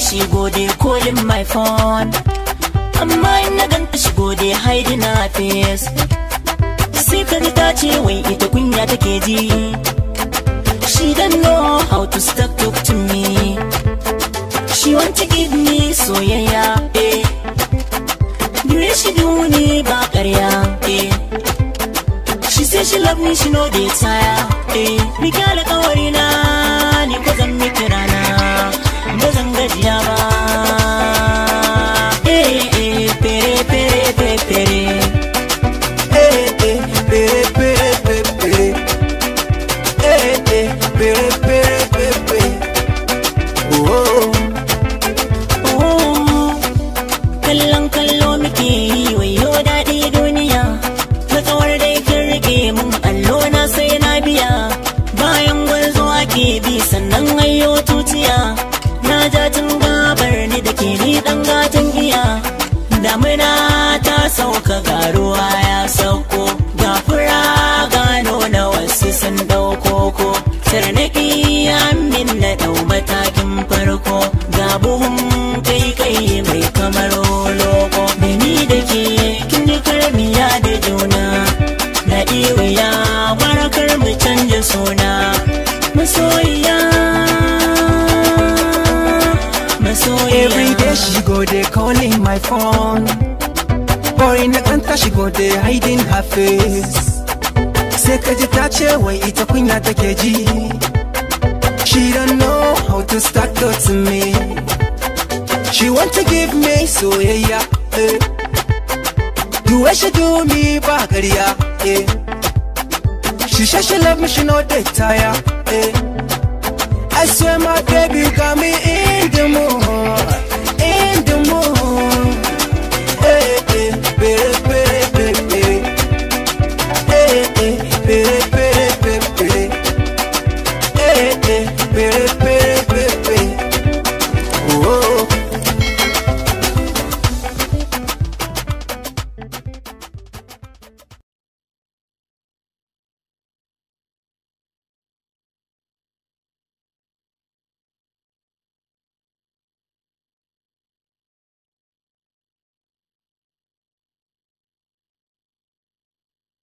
she go dey calling my phone amma in na ganta she go dey hiding her face sai ka ji ta ce wai ita kunya take ji she don't know how to stop talk to me she want to give me soyayya eh dure she do ni ba ƙarya eh she say she love me she no dey tire eh riga alƙawari na ni ko zan miki rana Kallon kallo muke yi wayo daɗi duniya Matsawar dai kin rike mun allo na sai na biya Bayan gwarzo ke bi sannan ayyo tutiya Na ja tun gabar ni da ke ni ɗan gatan iya Damina ta sauka garuwa ya sauko Ga fura gano na wasu sun ɗauko ko Tarnaki matakin farko ga buhun kai kai mai kamar loko da da ke kin yi karmiya da juna na iwuya warakar mu canja suna masoyiya masoyiya every day she go dey calling my phone boy na kanta she go dey hiding her face sai ka ji ta ce wai ita kunya take ji she don't know to start to me. She want to give me so yeah yeah. Eh. The way she do me back yeah. Eh. She said she love me, she know they tire. Eh. I swear my baby got me in the mood, in the mood. Eh eh, baby, baby, eh eh, baby.